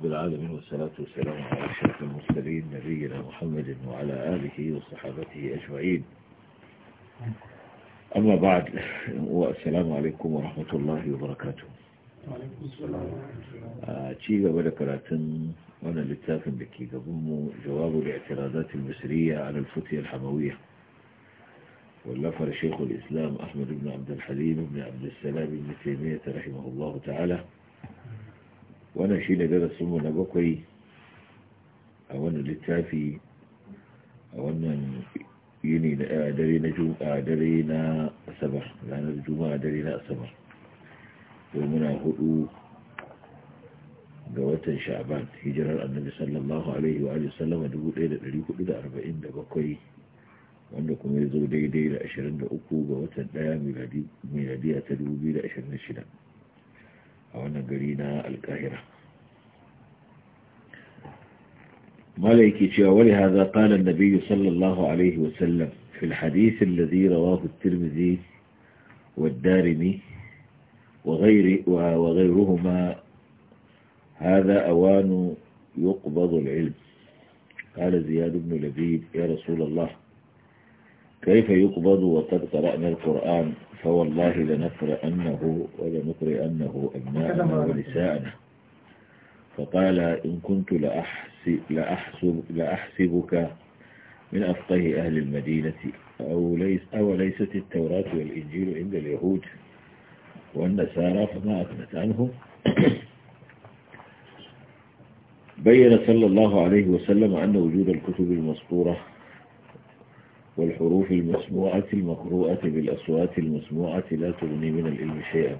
رب العالمين والصلاة والسلام على أشرف المرسلين نبينا محمد وعلى آله وصحابته أجمعين أما بعد والسلام عليكم ورحمة الله وبركاته وعليكم السلام da karatun wannan littafin da ke gabanmu jawabu da i'tiradatul misriya ala al واللفر شيخ الإسلام أحمد بن عبد الحليم بن عبد السلام بن تيمية رحمه الله تعالى wannan shi ne darasinmu na bakwai a wannan littafi a wannan yini na dare na juma'a dare na asabar ranar juma'a dare na asabar domin a hudu ga watan sha'ban hijirar annabi sallallahu alaihi wa alihi sallama 1447 wanda kuma ya zo daidai da 23 ga watan daya miladiya ta 2026 a wannan gari na alkahira مالك ولهذا قال النبي صلى الله عليه وسلم في الحديث الذي رواه الترمذي والدارمي وغير وغيرهما هذا أوان يقبض العلم قال زياد بن لبيب يا رسول الله كيف يقبض وقد قرأنا القرآن فوالله لنقرأنه ولنقرأنه أبناءنا ونساءنا فقال إن كنت لأحسب لأحسب لأحسبك من أفقه أهل المدينة أو ليس أو ليست التوراة والإنجيل عند اليهود والنسارى فما أثنت عنه بين صلى الله عليه وسلم أن وجود الكتب المسطورة والحروف المسموعة المقروءة بالأصوات المسموعة لا تغني من العلم شيئا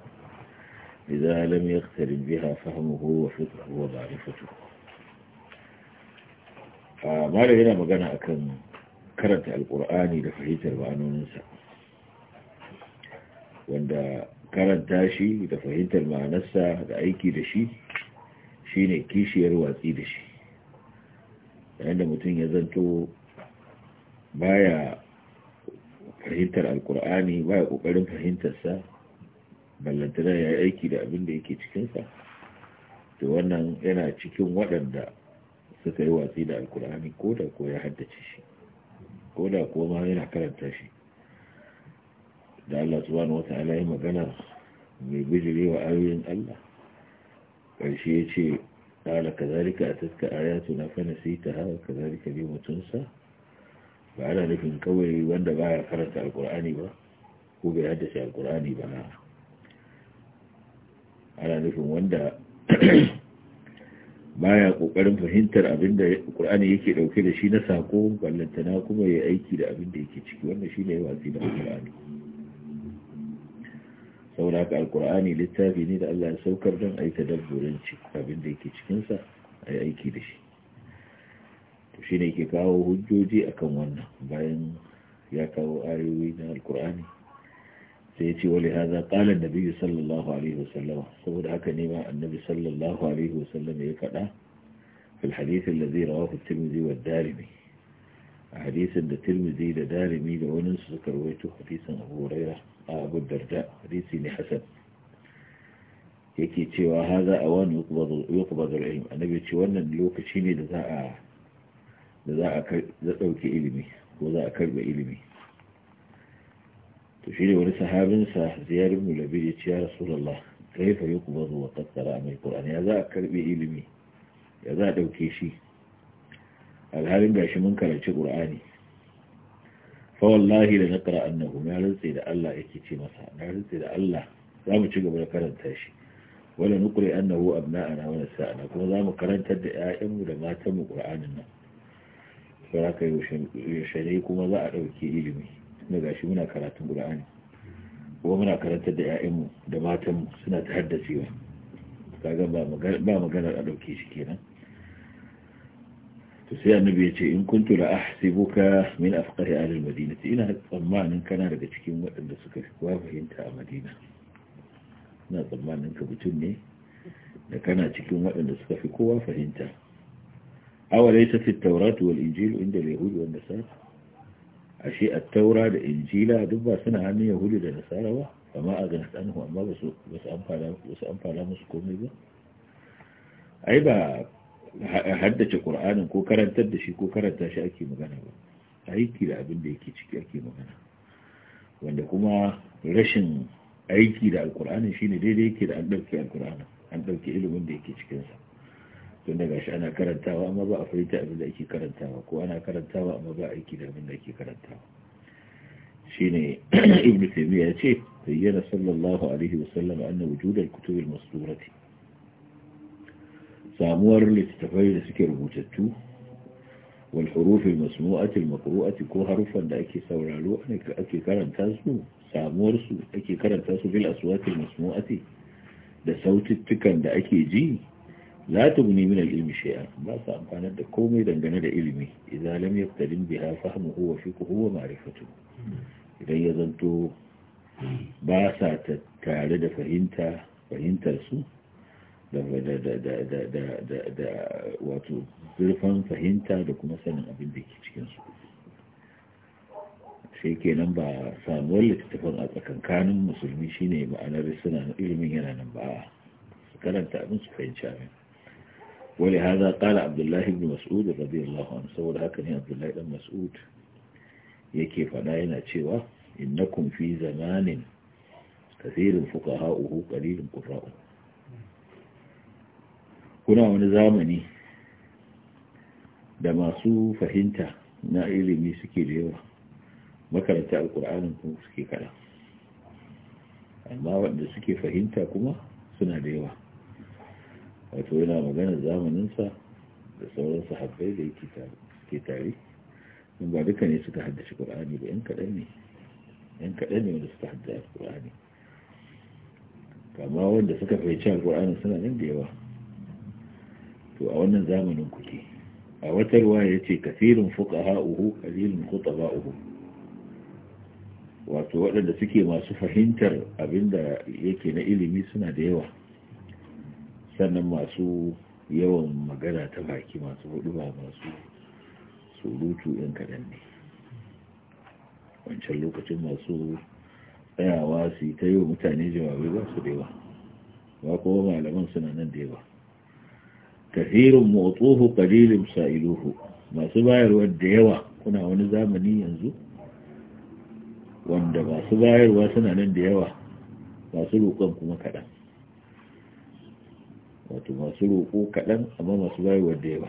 إذا لم يقترب بها فهمه وفقه ومعرفته ما لدينا مقانا أكن karanta alkur'ani da fahimtar ma'anoninsa wanda karanta shi da fahimtar ma'anarsa da aiki da shi shi kishiyar watsi da shi yayin da mutum ya zanto baya fahimtar alkur'ani baya kokarin fahimtarsa ballantana ya yi aiki da abin da yake cikinsa da wannan yana cikin waɗanda suka yi watsi da alkur'ani ko da ko ya haddace shi ko da ko ma yana karanta shi da Allah subhanahu wata ta'ala ya magana mai bijire wa ayoyin Allah ƙarshe ya ce ka zarika a taska ayatu na fana sai ta hawa zarika bi mutunsa ba ana nufin kawai wanda ba ya karanta alkur'ani ba ko bai haddace alkur'ani ba ana nufin wanda baya kokarin fahimtar abin da Qur'ani yake dauke da shi na sako na kuma yayi aiki da abin da yake ciki wannan shine watsi da Qur'ani saboda haka alkur'ani littafi ne da Allah ya saukar don a yi tadabburin abin da yake cikinsa a yi aiki da shi to shine ne kawo hujjoji akan wannan bayan ya kawo ayoyi na alkur'ani سيتي ولهذا قال النبي صلى الله عليه وسلم سبب أكنيما النبي صلى الله عليه وسلم يكلا في الحديث الذي رواه الترمذي والدارمي حديث أن الترمذي لدارمي لعنس ذكرويته حديثا أبو ريرة أبو الدرداء حديثي لحسن يكي تيوى هذا أوان يقبض, يقبض العلم النبي تيوانا لوكشيني لذاع لذاع كلب إلمي وذاع كلب إلمي to da wani sahabinsa ziyar ibn ya ce ya rasulullah kaifa yuqbadu wa qad a mai qur'an ya za a karbe ilimi ya za a dauke shi alhalin gashi mun karanci qur'ani fa wallahi la naqra annahu ya rantse da Allah yake ce masa na rantse da Allah za mu ci gaba da karanta shi wala nuqri annahu abna'ana wa sa'ana, kuma za mu karantar da 'ya'yanmu da matanmu qur'anin nan sai haka yaushe kuma za a dauke ilimi na gashi muna karatun Qur'ani kuma muna karantar da 'ya'yanmu da matanmu suna ta haddacewa kaga ba maganar a ɗauke shi kenan to sai annabi ya ce in kuntu la ahsibuka min afqahi ahli madinati ina tsammanin kana daga cikin waɗanda suka fi kowa fahimta a madina ina tsammanin ka mutum ne da kana cikin waɗanda suka fi kowa fahimta awalaita fi tawrat wal injil inda al wanda wa ashe a taura da injila duk ba suna hannun yahudu da nasara ba amma a ganin ɗanhu amma ba su amfana musu komai ba ai ba haddace ƙur'anin ko karantar da shi ko karanta shi ake magana ba aiki da abin da yake ciki ake magana wanda kuma rashin aiki da alƙur'anin shine daidai yake da an ɗauke alƙur'anin an ɗauke ilimin da yake cikinsa tun daga shi ana karantawa amma ba a fahimta abin da ake karantawa ko ana karantawa amma ba a aiki da abin da ake karantawa shine ibn taymiya ce bayyana sallallahu alaihi wasallam anna wujud al-kutub masurati samuwar littattafai da suke rubutattu wal huruf al ko harufan da ake sauraro ake karanta su samuwar su ake karanta su bil aswati masmu'ati da sautittukan da ake ji la tubni min al-ilmi shay'a ba sa amfanar da komai dangane da ilimi idan lam yaqtadim biha fahmuhu wa fiqhuhu wa ma'rifatuhu idan ya zanto ba sa tare da fahimta fahimtar su da wato zurfan fahimta da kuma sanin abin da ke su sai kenan ba samuwar littattafan a tsakankanin musulmi shine ma'anar suna ilimin yana nan ba su karanta abin su fahimci abin ولهذا قال عبد الله بن مسعود رضي الله عنه سوال هكذا عبد الله بن مسعود yake faɗa yana cewa innakum fi zamanin kasirin fuqaha'uhu qalilun qurra'u kuna wani zamani da masu fahimta na ilimi suke da yawa makaranta alkur'anin kuma suke kada amma wanda suke fahimta kuma suna da yawa wato yana maganar zamaninsa da sauran sahabbai da yake tare in ba duka ne suka haddace ƙur'ani ba yan kaɗan ne yan kaɗan ne wanda suka haddace ƙur'ani kama wanda suka fahimci alƙur'ani suna nan da yawa to a wannan zamanin kuke a wata ruwa ya ce kafirin fuƙaha uhu kalilin kuɗa uhu wato waɗanda suke masu fahimtar abinda yake na ilimi suna da yawa sannan masu yawan magana ta baki masu hudu ba masu surutu ɗin kaɗan ne wancan lokacin masu tsayawa su yi ta yi wa mutane jawabai ba su da yawa ba kuma malaman suna nan da yawa kafirin motsohu kalilin sa'iluhu masu bayarwa da yawa kuna wani zamani yanzu wanda masu bayarwa suna nan da yawa masu roƙon kuma kaɗan wato masu roƙo kaɗan amma masu bayarwa da yawa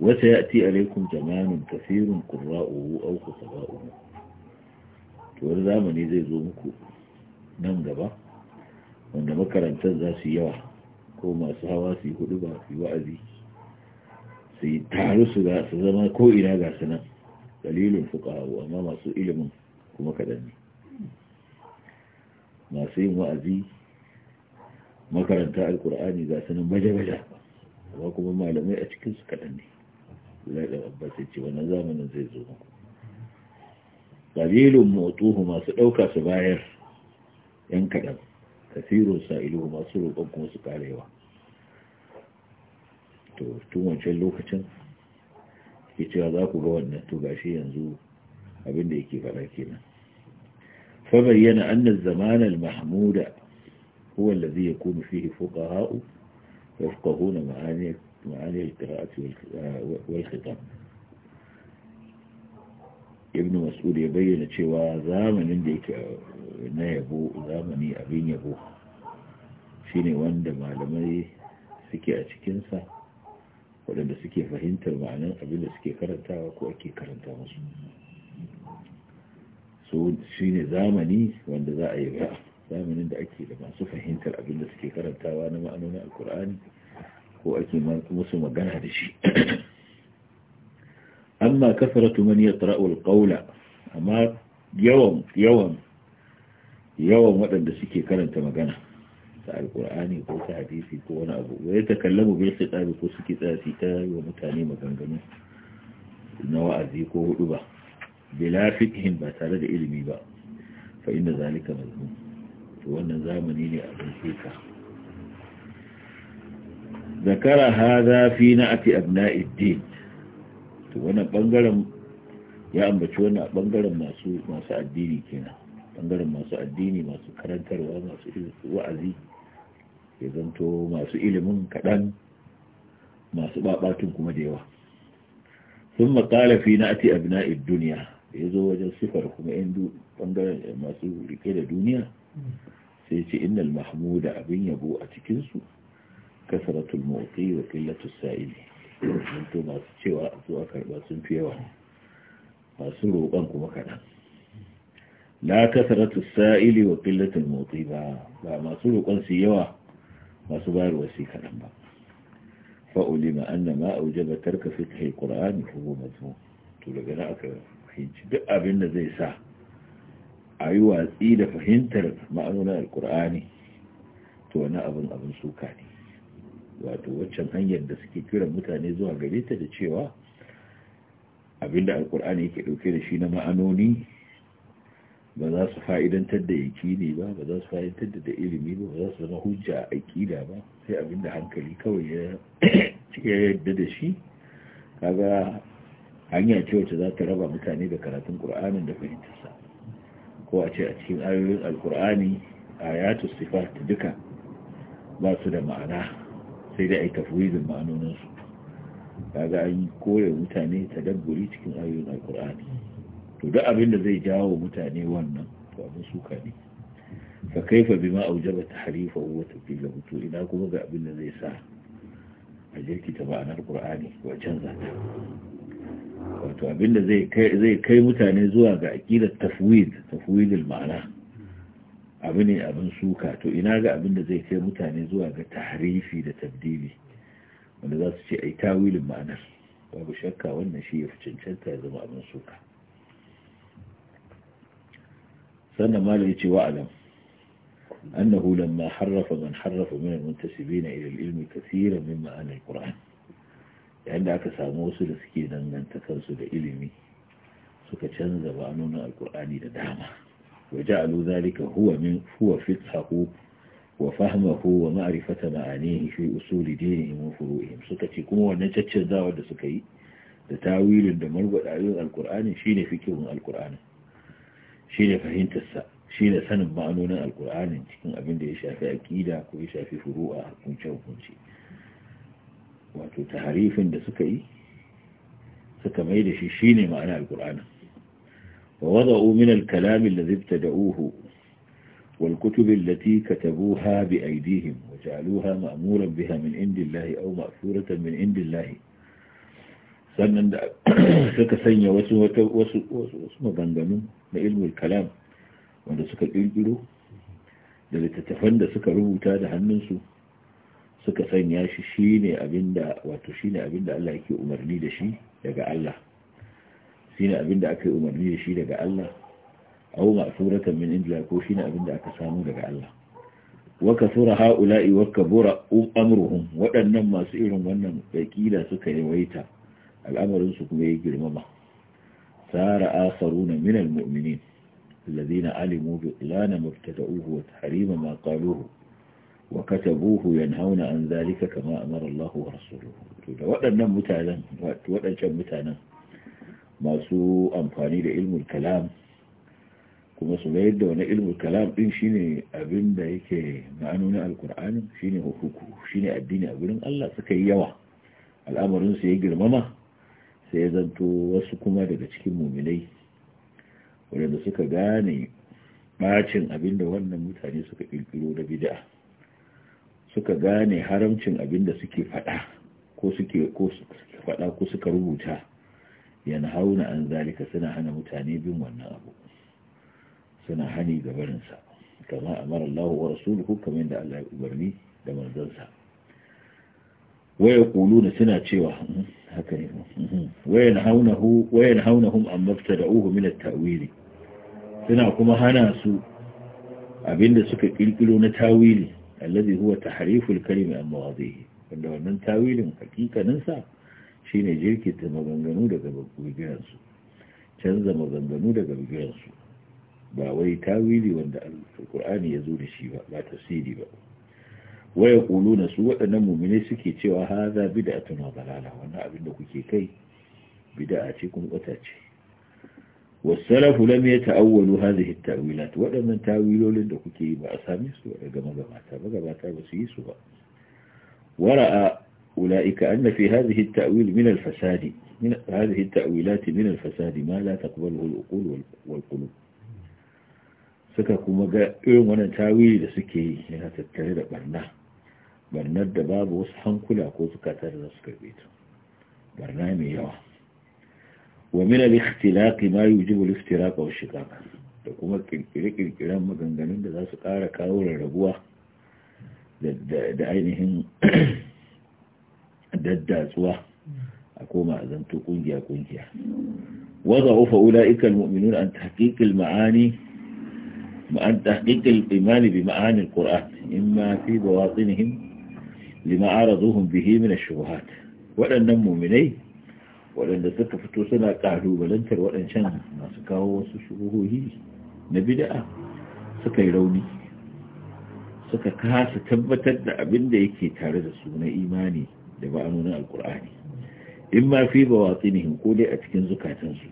wata ya ti alaikum zamanin kasirin ƙurra'uhu au kusaba'uhu to wani zamani zai zo muku nan gaba wanda makarantar za su yawa ko masu hawa su yi hudu ba su yi wa'azi su yi taru su zama ko ina ga su nan dalilin fuqahu amma masu ilimin kuma kaɗan ne masu yin wa'azi makaranta alkur'ani ga nan baje-baje amma kuma malamai a cikin su kaɗan ne laɗin abbas ya ce wannan zamanin zai zo muku qalilun mutuhu masu ɗauka su bayar yan kaɗan kasirun sa’ilu masu roƙon kuma su karewa to tun wancan lokacin ke cewa za ku ga wannan to gashi yanzu abin da yake faɗa kenan fa bayyana anna zamanal mahmuda هو الذي يكون فيه فقهاء يفقهون معاني معاني القراءة والخطاب ibn mas'ud ya bayyana cewa zamanin da yake na yabo zamani abin yabo shine wanda malamai suke a cikinsa waɗanda suke fahimtar ma'anar abin da suke karantawa ko ake karanta musu so shine zamani wanda za a yi ba من عند أكي لما سوف هينت الأبن لسكي قرن تاوانا ما أنونا القرآن هو أكي ما نتمسوا مجان هذا الشيء أما كثرة من يطرأ القول أما يوم يوم يوم وأن لسكي قرن تاوانا القرآن يقول حديثي كون أبو ويتكلم بالخطاب كسكي تاسيتا ومتاني مجانا نوع أذيكو هدوبا بلا فكه باتالد علمي با فإن ذلك مذهوم to wannan zamani ne a ɗauke ka zakara ha fi na ati abna'iddin to wannan bangaren ya ambaci wannan a bangaren masu masu addini kenan bangaren masu addini masu karantarwa masu wa'azi ya zanto masu ilimin kaɗan masu babatun kuma da yawa sun makala fi na ati abna'idduniya da ya zo wajen sifar kuma yan bangaren masu rike da duniya sai ce innal mahmuda abin yabo a cikinsu kasaratul mawqi wa qillatus sa'il to masu cewa zuwa karba sun fi yawa masu roƙon kuma kaɗan la kasaratus sa'ili wa qillatul mawqi ba ba masu roƙon su yawa masu bayarwa su kaɗan ba fa'ulima anna ma aujaba tarka fiqh alqur'ani huwa mazmum to daga nan aka fahimci duk abin da zai sa a yi watsi da fahimtar ma'anonin alkur'ani to wani abin abin suka ne wato waccan hanyar da suke kiran mutane zuwa gare ta da cewa abinda alkur'ani yake dauke da shi na ma'anoni ba za su fa'idantar da ne ba ba za su fa'idantar da ilimi ba ba za su zama hujja a aƙida ba sai abinda hankali kawai ya yadda da shi kaga hanya ce wacce za ta raba mutane da karatun ƙur'anin da fahimtarsa ko a ce a cikin ayoyin alkur'ani ayatu sifat duka ba su da ma'ana sai dai ai tafwidin ma'anoninsu kaga an koya mutane ta dabburi cikin ayoyin alkur'ani to duk abin da zai jawo mutane wannan to abin suka ne fa kaifa bima aujaba tahrifa wa tafila to ina kuma ga abin da zai sa a jirki ta ma'anar qur'ani wa canza ta wato abinda zai kai zai kai mutane zuwa ga aqidar tafwid tafwidul ma'ana abu ne abin suka to ina ga abinda zai kai mutane zuwa ga tahrifi da tabdili wanda za su ce ai tawilin ma'anar babu shakka wannan shi ya fi cancanta ya zama abin suka sannan malam yace wa alam annahu lamma harrafa man harrafa min muntasibina ila al-ilmi kaseeran min ma'ana al-qur'an yayin da aka samu wasu da suke danganta kansu da ilimi suka canza ba'anonin alkur'ani da dama wa ja'alu zalika huwa min huwa fiqhahu wa fahimahu wa ma'rifata ma'anihi fi usuli dinihim wa furu'ihim suka ce kuma wannan caccanzawa da suka yi da tawilin da margwadarin alkur'ani shine fikihun alkur'ani shine fahimtar sa shine sanin ma'anonin alkur'ani cikin abin da ya shafi aqida ko ya shafi furu'a hukunce hukunce wato ta harifin da suka yi suka mai da shi shi ne ma'ana alƙur'anin wa wada'u min alkalamin da zibta da uhu والكتب التي كتبوها بأيديهم وجعلوها مأمورا بها من عند الله أو مأثورة من عند الله sannan da suka sanya wasu wasu maganganu na ilmul kalam wanda suka ƙirƙiro da littattafan da suka rubuta da hannunsu suka sanya shi shine abinda wato shine abinda Allah yake umarni da shi daga Allah shine abinda aka yi umarni da shi daga Allah aw ma'suratan min indila ko shine abinda aka samu daga Allah wa kasura haula'i wa kabura amruhum waɗannan masu irin wannan bakila suka yawaita al'amarin su kuma ya girmama sara asaruna min almu'minin alladhina alimu bi ilana mubtada'uhu wa tahrima ma qaluhu wa katabuhu yanhauna an zalika kama amara Allah wa rasuluhu to da waɗannan mutanen waɗancan mutanen masu amfani da ilmul kalam kuma su mayar da wani ilmul kalam ɗin shine abin da yake ma'anonin alkur'ani shine hukuku shine addini a gurin Allah suka yi yawa al'amarin ya girmama sai ya zanto wasu kuma daga cikin muminai wanda suka gane ɓacin abin da wannan mutane suka kirkiro da bid'a suka gane haramcin abin da suke faɗa ko suke ko fada ko suka rubuta yana hauna an zalika suna hana mutane bin wannan abu suna hani ga barinsa kama amara Allah wa rasuluhu kamar yadda Allah ya ubarni da manzansa waya kuluna suna cewa hmm, haka ne hmm, hmm, wayan haunahu wayan haunahum an mabtada'uhu min at-ta'wili suna kuma hana su abinda suka kirkiro na tawili allazi huwa tahriful kalimi an mawadhihi wanda wannan tawilin hakikanin sa shine jirkita maganganu daga bugiran su canza maganganu daga bugiran su ba wai tawili wanda alqur'ani ya zo da shi ba ba tafsiri ba wa yaquluna su waɗannan mu'mini suke cewa hadha bid'atun wa dalala wannan abin da kuke kai bid'a ce kuma kwata ce والسلف لم يتأولوا هذه التأويلات ولا من تأويلوا لدكتي بأسامي سوء كما جمعتها بجمعتها بسيسوا ورأى أولئك أن في هذه التأويل من الفساد من هذه التأويلات من الفساد ما لا تقبله الأقول والقلوب سككم kuma ga تأويل wani tawili da برنا برنا الدباب وصحن كل barna barnar da babu wasu hankula ومن الاختلاق ما يوجب الافتراق والشقاق تقوم كنكريك الكلام مغنغنين ده سقارة كاولة ربوة ده عينهم ده الدازوة أقوم أذنتو كنجي كنجي وضعف أولئك المؤمنون عن تحقيق المعاني عن تحقيق الإيمان بمعاني القرآن إما في بواطنهم لما عرضوهم به من الشبهات ولن نمو منيه waɗanda suka fito suna ƙalubalantar waɗancan masu kawo wasu shuruhohi na bida'a suka yi rauni suka kasa tabbatar da abin da yake tare da su na imani da ba'anonin alkur'ani in ma fi ba watsi ko dai a cikin zukatansu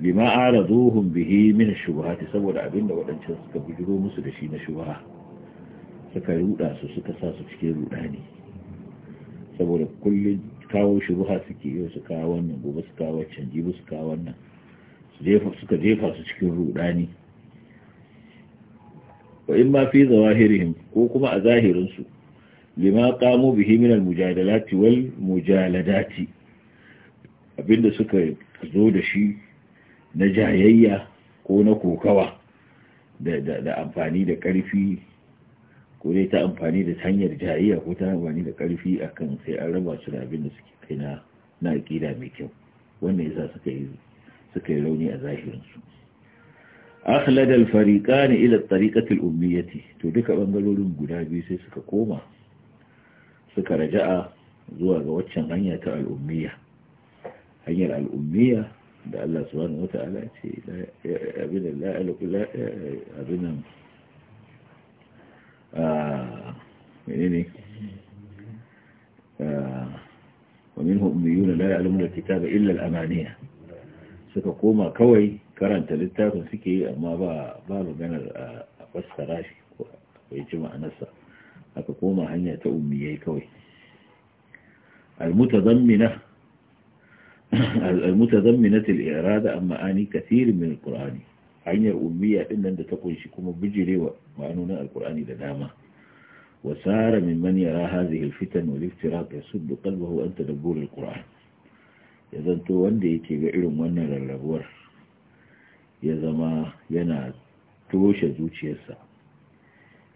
lima zuhun bihi min shubahati saboda abin da waɗancan suka bujiro musu da shi na shubaha suka ruɗa su suka sa su cikin ruɗani saboda kullum kawo shubuha suke yi su kawo wannan gobe su kawo wancan jibi su kawo wannan suka jefa su cikin rudani wa in ma fi zawahirihim ko kuma a zahirinsu lima kamo bihi min almujadalati wal mujaladati abinda suka zo da shi na jayayya ko na kokawa da amfani da karfi ko dai ta amfani da hanyar jayayya ko ta amfani da karfi akan sai an raba su da abin da suke kai na na aqida mai kyau wannan yasa suka yi suka yi rauni a zahirin su akhlada al-fariqan ila at-tariqati al to duka bangarorin guda biyu sai suka koma suka raja'a zuwa ga waccan hanya ta al hanyar al da Allah subhanahu wata'ala ce abin da ااا آه، ااا إيه آه، ومنه أميون لا يعلمون الكتاب إلا الأمانية ستقوم كوي كرنت للتاب فيكي ما با بالو بين القصة راشي ويجمع نسا أتقوم هنية أمية كوي المتضمنة المتضمنة الإعرادة أما آني كثير من القرآن hanyar ummiya din nan da ta kunshi kuma bijirewa ma'anonin alkur'ani da dama wa sara mimman yara hadhihi alfitan wal iftiraq yasuddu qalbahu an tadabbur alqur'an ya zanto wanda yake ga irin wannan rarrabuwar ya zama yana toshe zuciyarsa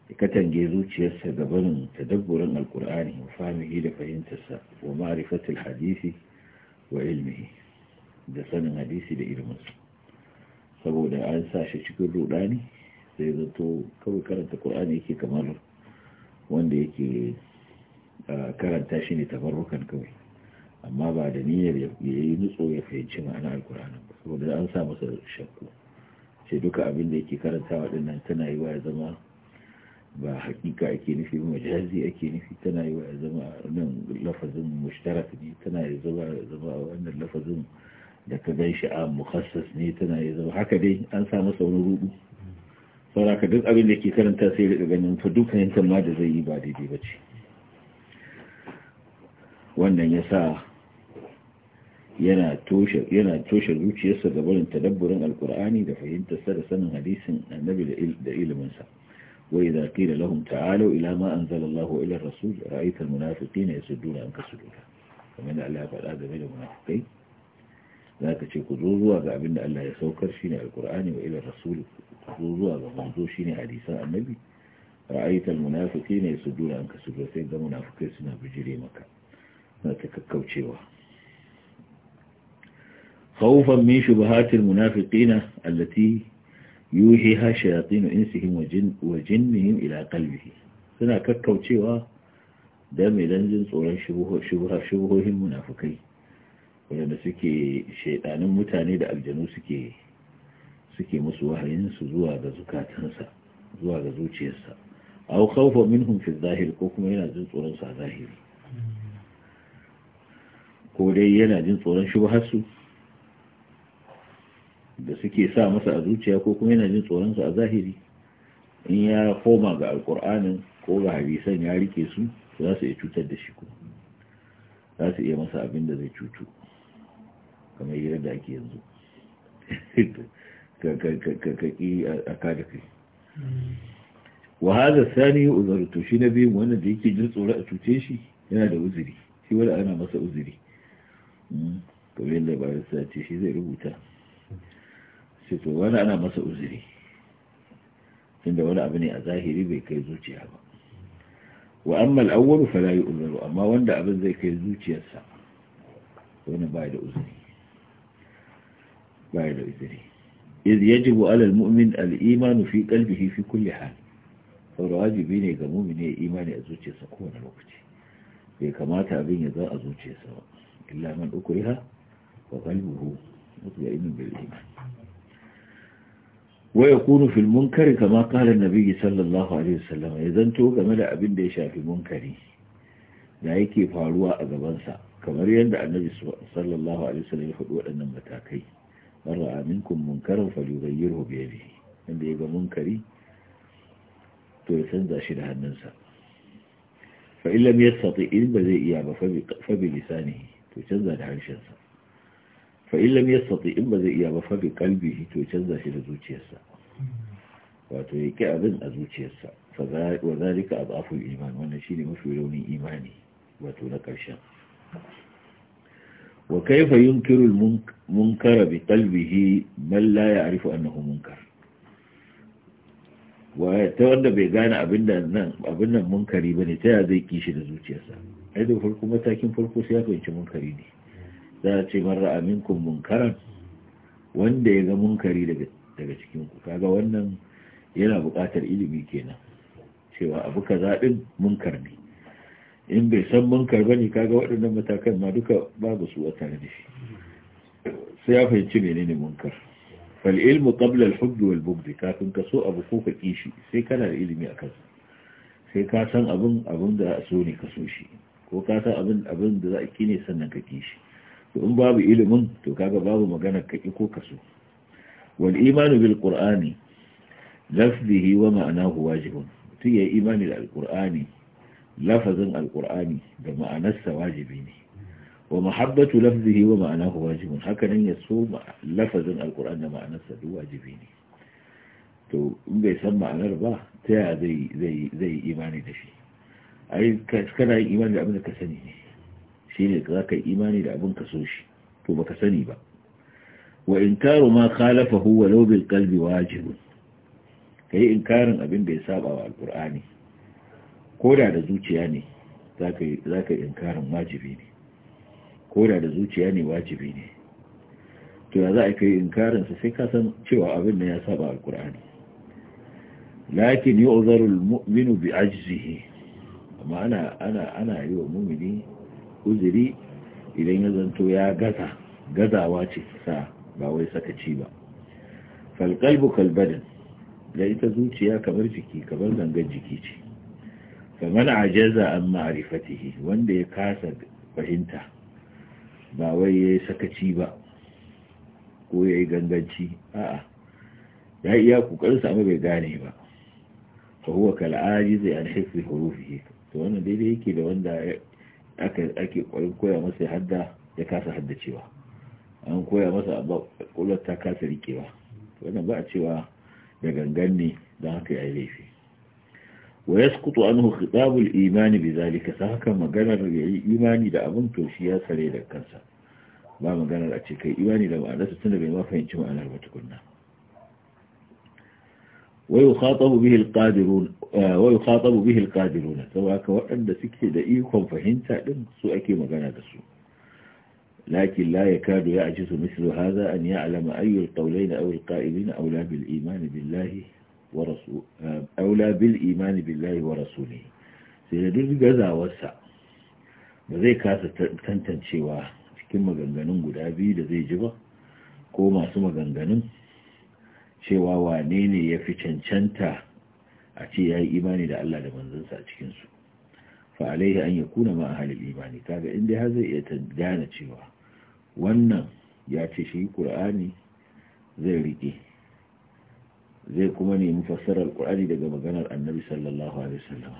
ya katange zuciyarsa gabanin tadabburin alkur'ani wa fahimhi da fahimtarsa wa ma'rifatul hadisi wa ilmihi da sanin hadisi da ilminsa saboda an sa shi cikin rudani sai zato kawai karanta ƙur'ani yake kamar wanda yake karanta shi ne tabarrukan kawai amma ba da niyyar ya yi nutso ya fahimci ma'ana alkur'ani saboda an sa masa shakku sai duka abin da yake karanta waɗannan tana yi wa ya zama ba hakika ake nufi majazi ake nufi tana yi wa ya zama nan lafazin mushtarak ne tana yi zama zama wannan lafazin da ka gan shi a mukhassas ne tana ya zama haka dai an samu saurin rubu saboda ka duk abin da ke karanta sai da ganin fa duk yankan ma da zai yi ba daidai ba ce wannan ya sa yana toshe zuciyarsa ga barin tadabburin alkur'ani da fahimtarsa da sanin hadisin annabi da iliminsa wai da kira da lahum ta'alau ila ma an zala Allah ila rasul ra'aitar munafiki ne su duna an kasu duna kamar da Allah ya faɗa game da munafikai لا كشي كذوز وابعبنا ألا يسوكرشيني القرآن وإلى الرسول كذوز وابعبنزوشيني حديثاء النبي رأيت المنافقين يسدون أنك سجرتين ده منافقين سنة بجري مكا ما تككو شيوا خوفا من شبهات المنافقين التي يوحيها شياطين إنسهم وجن وجنهم إلى قلبه سنة ككو شيوا ده ملنزل صورا شبه شبه شبههم منافقين wadanda suke shaidanin mutane da aljanu suke suke musu wahayinsu zuwa ga zukatansa zuwa ga zuciyarsa aw khawfa minhum fi zahir ko kuma yana jin tsoron sa zahiri ko dai yana jin tsoron shubharsu da suke sa masa a zuciya ko kuma yana jin tsoron sa a zahiri in ya koma ga alkur'anin ko ga hadisan ya rike su za su iya cutar da shi ko za su iya masa abin da zai cutu kamar yadda ake yanzu ka a kada kai wa sani uzaru to shi na biyu wannan da yake jin tsoro a cuce shi yana da uzuri shi wani ana masa uzuri hmm, kamar yadda ba sati shi zai rubuta sai to wani ana masa uzuri tunda wani abu ne a zahiri bai kai zuciya ba wa amma al'awwalu fala uzuru, amma wanda abin zai kai zuciyarsa wani ba da uzuri لا يبدري إذ يجب على المؤمن الإيمان في قلبه في كل حال فالواجب بين المؤمن إيه إيمان أزوجي سكون الوقت إيه كما تابين يضاء أزوجي سوا إلا من أكرها وغلبه مطلئن بالإيمان ويكون في المنكر كما قال النبي صلى الله عليه وسلم إذا انتو كما لأبن ديشا في المنكر لا يكي فعلوا أغبانسا كما ريان النبي صلى الله عليه وسلم يخدوا أنم متاكين من رأى منكم منكرا فليغيره بيده من بيجا منكري تلسان ذا شرها الننسى فإن لم يستطيع إن بذي إيابة فبلسانه تلسان ذا حرشنسى فإن لم يستطيع إن بذي إيابة فبقلبه تلسان ذا شرها زوجيسى وتويك أبن أزوجيسى وذلك أضعف الإيمان وأن مفلوني مفي لون إيماني وتلك الشخص wa kaifa yunkiru al-munkara bi qalbihi man la ya'rifu munkar wa ta wanda bai gane abin da nan abin nan munkari bane ta ya zai kishi da zuciyarsa ai da farko matakin farko sai ya fahimci munkari ne za a ce marra aminkum munkaran wanda ya ga munkari daga daga cikin ku kaga wannan yana buƙatar ilimi kenan cewa a kaza zaɓin munkar ne in bai san munkar ne kaga waɗannan matakan ma duka babu su a da shi sai ya fahimci menene munkar fal ilmu qabla al hubb wal bughd kafin ka so abu ko ka kishi sai kana da ilimi akan sai ka san abin abin da so ne ka so shi ko ka san abin abin da za a kine sannan ka kishi to in babu ilimin to kaga babu magana ka ki ko ka so wal imanu bil qur'ani lafzihi wa ma'anahu wajibun mutum ya imani da alqur'ani لفظاً القرآن بمعنى السواجب يعني. ومحبة لفظه ومعناه واجب هكذا يسو لفظاً القرآن بمعنى السواجب يعني. تو إنك يسمى على الربا تيا ذي ذي ذي إيماني دشي أي كنا إيمان لأبن كسني شيني ذاك إيماني لأبن كسوشي تو بكسني با وإنكار ما خالفه ولو بالقلب واجب كي إنكار أبن بيسابع القرآن koda da zuciya ne za ka inkarin wajibi ne koda da zuciya ne wajibi ne to ya za a kai su sai ka san cewa abin da ya saba alkur'ani lakin yi ozarul minu bi ajizihi amma ana yi wa mumini uzuri idan ya zanto ya gaza gazawa ce sa ba wai saka ci ba falqalbu kalbadin da ita zuciya kamar jiki kamar gangan jiki ce kamar ajaza an ma'arifatihi wanda ya kasa fahimta ba wai ya sakaci ba ko ya yi ganganci a'a ya iya kokarin samu bai gane ba fa huwa kal zai an haifi hurufi to wannan daidai yake da wanda ake kwarin koya masa hadda ya kasa hadda cewa an koya masa ba kullar ta kasa rikewa wannan ba a cewa da gangan ne don haka ya yi laifi ويسقط عنه خطاب الإيمان بذلك فهكا مغانا إيماني دا أبن توشيا سليدا كنسا ما مغانا الأتشكي إيماني لما أنت تنبي ما وفين ما أنا كنا ويخاطب به القادرون آه، ويخاطب به القادرون سواء كوأن سكت دقيقهم فهمت سوء سؤكي مجال دسو لكن لا يكاد يعجز مثل هذا أن يعلم أي القولين أو القائلين أولى بالإيمان بالله Eh, aula bil imani billahi wa rasulihi sai da duk gazawarsa ba zai kasa tantancewa cikin maganganun guda biyu da zai ji ba ko masu maganganun cewa wane ne ya fi cancanta a ce ya yi imani da Allah da manzansa a cikinsu fa alaihi an yi kuna ma halin imani kaga inda ya zai iya gane cewa wannan ya ce shi kur'ani zai riƙe zai kuma nemi fassarar alkur'ani daga maganar annabi sallallahu alaihi wasallam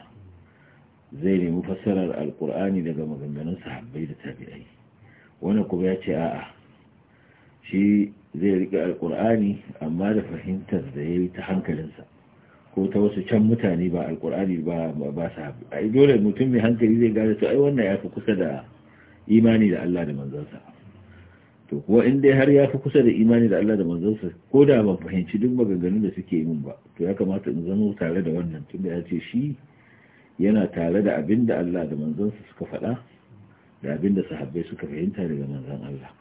zai nemi fassarar alkur'ani daga maganganun sahabbai da tabi'ai wani kuma ya ce a'a shi zai rike alkur'ani amma da fahimtar da ya yi ta hankalinsa ko ta wasu can mutane ba Alƙur'ani ba ba sahabbai dole mutum mai hankali zai gane to ai wannan ya fi kusa da imani da Allah da manzansa to kuwa in dai har ya fi kusa da imani da Allah da manzansa ko da ban fahimci duk maganganun da suke yi min ba to ya kamata in zama tare da wannan tunda ya ce shi yana tare da abin da Allah da manzansa suka faɗa da abin da sahabbai suka fahimta daga manzan Allah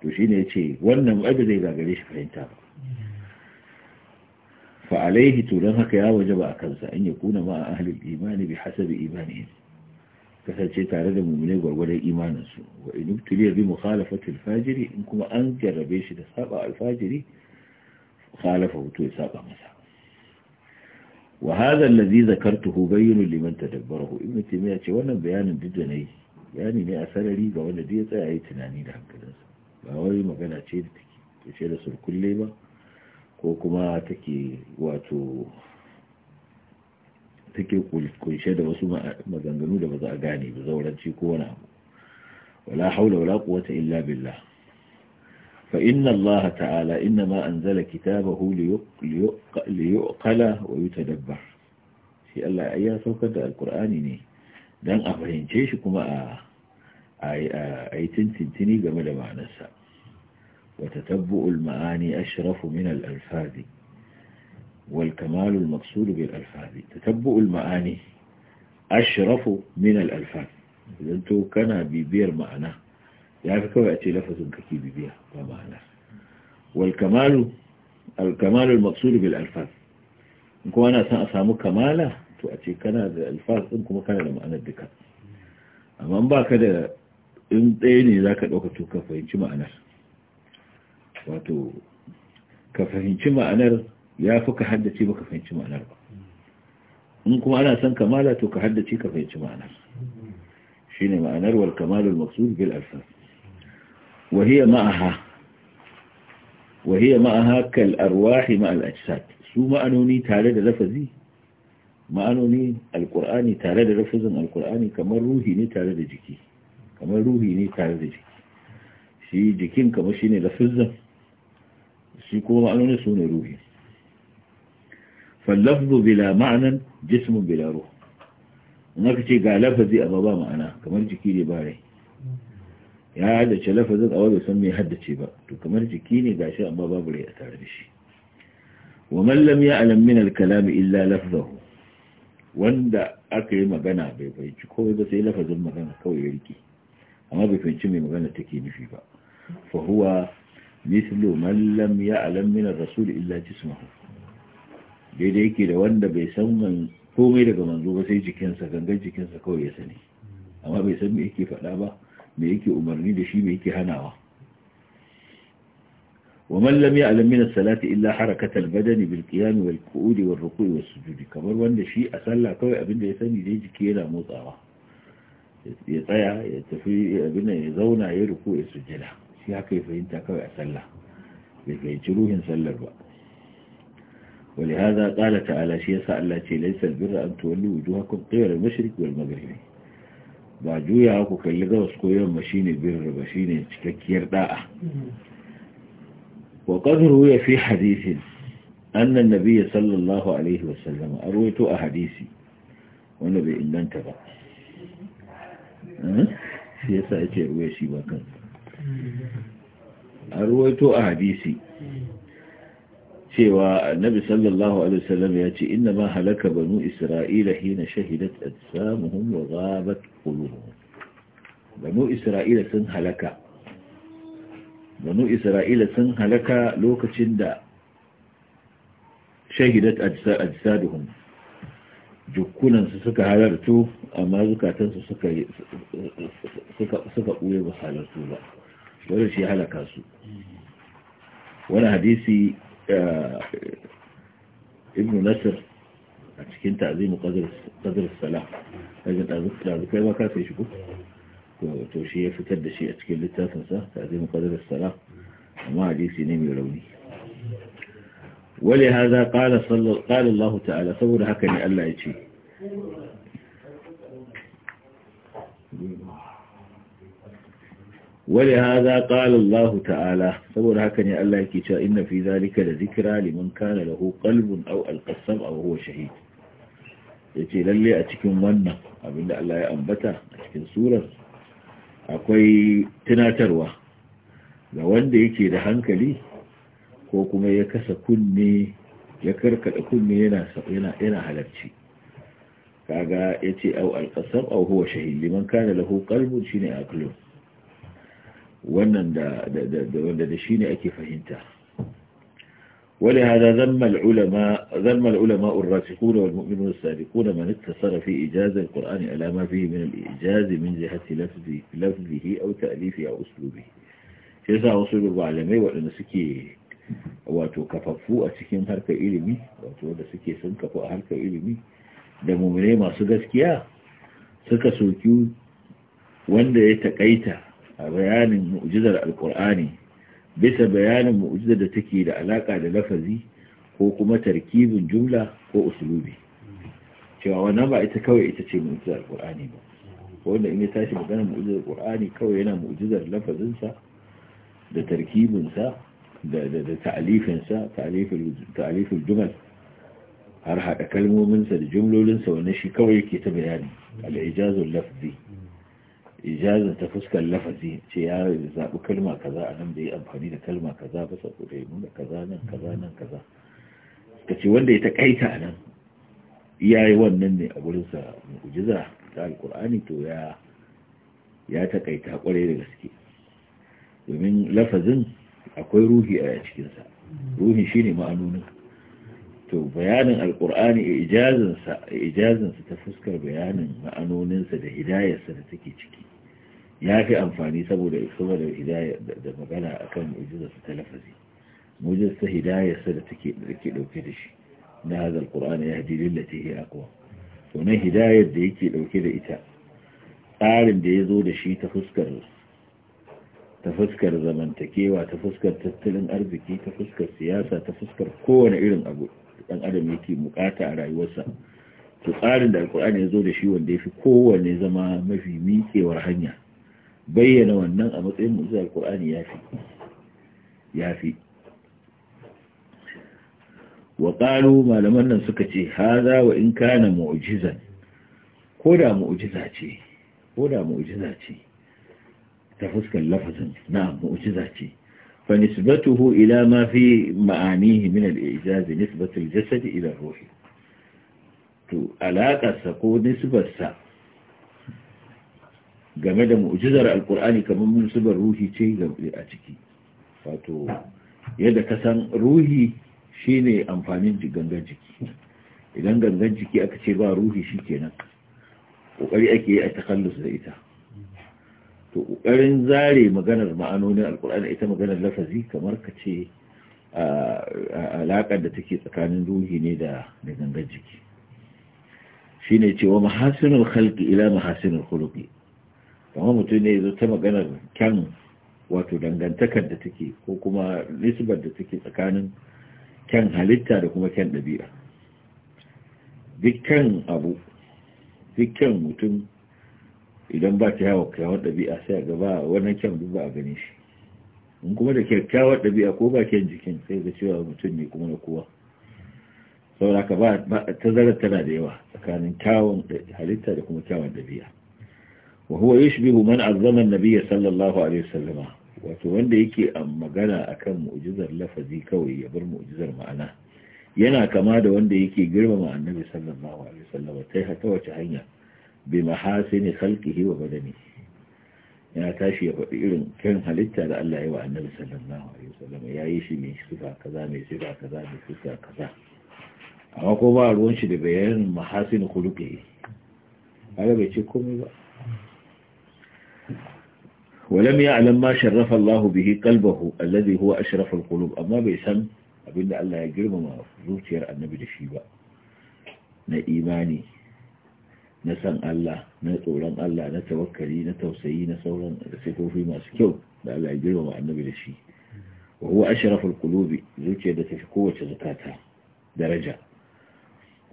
to shi ne ya ce wannan abin zai gagare shi fahimta ba fa alaihi to don haka ya waje ba a kansa an ya kuna ma a ahalin imani bi hasabi imani kasance tare da mummune gwargwadon imaninsu wa in ibtuliya bi mukhalafati alfajiri in kuma an jarrabe shi da saba alfajiri khalafa to ya saba masa wa hadha alladhi zakartuhu bayyin liman tadabbarahu ibnu taymiya ce wannan bayanin duk da nayi bayani ne a sarari ga wanda duk ya tsaya yi tunani da hankalinsa ba wai magana ce da take ce da sulkulle ba ko kuma take wato take kunshe da wasu maganganu da ba za a gane ba zauranci ko wani abu wala haula wala quwwata illa billah fa inna allaha ta'ala inna ma anzala kitabahu liyuqala wa yutadabbar shi Allah ya saukar da alqur'ani ne dan a fahince shi kuma a a yi tintintini game da ma'anarsa wa tatabbu'ul ma'ani ashrafu min al-alfazi والكمال المقصود بالألفاظ تتبع المعاني أشرف من الألفاظ إذا أنتو كان بيبير معنى يعرف كيف يأتي لفظ كي ببير ومعنى والكمال الكمال المقصود بالألفاظ إنكو أنا سأسامو كمالا تأتي كنا بالألفاظ إنكو ما كان لما أنا الدكا أما أنبا كده إنتيني ذاك الوقت كفهين كما أنا واتو كفهين كما ya fi ka haddace ba ka fahimci ma'anar ba in kuma ana san kamala to ka haddace ka fahimci ma'anar shi ne ma'anar wal kamalul maksud bil alfas وهي معها وهي معها كالأرواح مع الأجساد su ma'anoni tare da lafazi ma'anoni alkur'ani tare da lafazin alkur'ani kamar ruhi ne tare da jiki kamar ruhi ne tare da jiki shi jikin kamar shi ne lafazin shi kuma ma'anoni su ne ruhi fallafzu bila ma'anan jismun bila ruh in aka ce ga lafazi amma ba ma'ana kamar jiki ne ba rai ya haddace lafazin a wadda san mai haddace ba to kamar jiki ne gashi amma babu rai a tare da wa mallam ya illa wanda aka yi magana bai fahimci kawai ba sai lafazin magana kawai ya rike amma bai fahimci mai magana take nufi ba fa huwa mislu man lam ya alam min ar-rasul illa jismuhu daidai yake da wanda bai san komai daga manzo ba sai jikinsa gangan jikinsa kawai ya sani amma bai san me yake faɗa ba me yake umarni da shi me yake hanawa ومن لم يعلم من الصلاة إلا حركة البدن بالقيام والقعود والركوع والسجود kamar wanda shi a sallah kawai abin da ya sani dai jiki yana motsawa ya tsaya ya tafi abin ya zauna ya ruku ya sujjada shi haka ya fahimta kawai a sallah bai fahimci ruhin sallar ba ولهذا قال تعالى شيسا الله شي ليس البر أن تولوا وجوهكم قبل المشرق والمغرب ba juya ku kalli ko yamma shine birr shine cikakkiyar da'a wa qad ruya fi hadithin anna an-nabiy sallallahu alaihi wasallam arwayto a hadisi a hadisi cewa annabi sallallahu alaihi wasallam ya ce inna ma halaka banu isra'ila hina shahidat ajsamuhum wa ghabat qulubuhum banu isra'ila sun halaka banu isra'ila sun halaka lokacin da shahidat ajsaduhum jukkunan su suka halartu amma zukatan su suka suka suka uye ba halartu ba wannan shi halaka su wani hadisi آه، ابن نسر عشكين تعظيم قدر قدر السلام لكن أذكر ذلك ما كان في شبك توشية في كل شيء أشكين للتاسنسة تعظيم قدر السلام ما علي سنين يلوني ولهذا قال صلى قال الله تعالى صور هكني ألا يشي wale haza qala Allah ta'ala saboda haka ne Allah yake cewa inna fi zalika da zikira liman kana lahu qalbun au alqasam a huwa shahid yace lalle a cikin wannan abinda Allah ya ambata a cikin surar akwai tunatarwa ga wanda yake da hankali ko kuma ya kasa kunne ya karkada kunne yana yana yana halarci kaga yace aw alqasam aw huwa shahid liman kana lahu qalbun a aqlun wannan da wanda da shine ake fahimta ولهذا ذم العلماء ذم العلماء الراسخون والمؤمنون السابقون من اتصل في إجاز القرآن على ما فيه من الإجاز من جهة لفظه, لفظه أو تأليفه أو أسلوبه شيسا وصول المعلمي وأن سكي wato kafaffu a cikin harkar ilimi wato da suke sun kafu a harkar ilimi da mummune masu gaskiya suka soki wanda ya takaita a bayanin mu'jizar alkur'ani bisa bayanin mu'jizar da take da alaka da lafazi ko kuma tarkibin jumla ko usulubi cewa wannan ba ita kawai ita ce mu'jizar alkur'ani ba wanda in ya tashi maganar mu'jizar alkur'ani kawai yana mu'jizar lafazinsa da tarkibinsa da da ta'alifinsa ta'alifin jumal har haɗa kalmominsa da jumlolinsa wannan shi kawai yake ta bayani al-ijazul lafzi ijaza ta fuskar lafazi ce ya zaɓi kalma kaza a nan da yi amfani da kalma kaza ba saboda ya nuna kaza nan kaza nan kaza ta ce wanda ya ta kaita a nan ya yi wannan ne a wurinsa mu'ujiza ta alƙur'ani to ya ya ta kaita kwarai da gaske domin lafazin akwai ruhi a cikinsa ruhi shine ma'anonin to bayanin alƙur'ani ijazinsa ijazinsa ta fuskar bayanin ma'anoninsa da hidayarsa da take ciki ya fi amfani saboda saboda hidaya da magana kan mu'jizar ta lafazi mu'jizar ta hidayar sa da take da dauke da shi na hadha alquran ya lillati hiya ya to na hidayar da yake dauke da ita tsarin da ya zo da shi ta fuskar ta fuskar zamantakewa ta fuskar tattalin arziki ta fuskar siyasa ta fuskar kowane irin abu dan adam yake bukata a rayuwarsa to tsarin da alkur'ani ya zo da shi wanda ya fi kowane zama mafi miƙewar hanya bayyana wannan a matsayin al alqur'ani ya fi. wa qalu malaman nan suka ce haza wa in kana mu'jizan da mu'jiza ce da mu'jiza ce ta fuskar lafazin na mu'jiza ce fa nisbatuhu ila ma fi ma'anihi min al-i'jaz nisbatu al-jasad ila ruhi to alaƙarsa ko nisbarsa game da mu'jizar alkur'ani kamar musubar ruhi ce a ciki wato yadda ka san ruhi shine amfanin gangan jiki idan gangan jiki aka ce ba ruhi shikenan kokari ake yi a takallus da ita to kokarin zare maganar ma'anonin alkur'ani ita maganar lafazi kamar ka ce alaƙar da take tsakanin ruhi ne da gangan jiki shine cewa mahasinul khalqi ila mahasinul khuluqi kama mutum ne zo ta maganar kyan wato dangantakar da take ko kuma nisbar da take tsakanin kyan halitta da kuma kyan ɗabi'a dukkan abu dukkan mutum idan ba ta yawa kyawar ɗabi'a sai a gaba wannan kyan duk ba a gani shi in kuma da kyakkyawar ɗabi'a ko ba kyan jikin sai ga cewa mutum ne kuma na kowa saboda ka ba tazarar tana da yawa tsakanin kyawun halitta da kuma kyawun ɗabi'a wa huwa yushbihu man azzama an-nabiy sallallahu alaihi wasallam wato wanda yake magana akan mu'jizar lafazi kawai ya bar mu'jizar ma'ana yana kama da wanda yake girmama annabi sallallahu alaihi wasallam ta ta wace hanya bi mahasini khalqihi wa badani ya tashi ya faɗi irin kan halitta da Allah ya wa annabi sallallahu alaihi wasallam ya yi shi mai sifa kaza mai sifa kaza mai sifa kaza amma ko ba ruwan shi da bayanin mahasini khuluqihi Allah bai ce komai ba ولم يعلم ما شرف الله به قلبه الذي هو أشرف القلوب أما بإسان أبدا الله يجرم ما زوت يرى النبي الشيبة نإيماني نسان الله نطولان الله نتوكلي نتوسيي نسولا نسيكو في ماسكيو لا الله يجرم ما النبي الشي وهو أشرف القلوب زوت يدى في قوة زكاتها درجة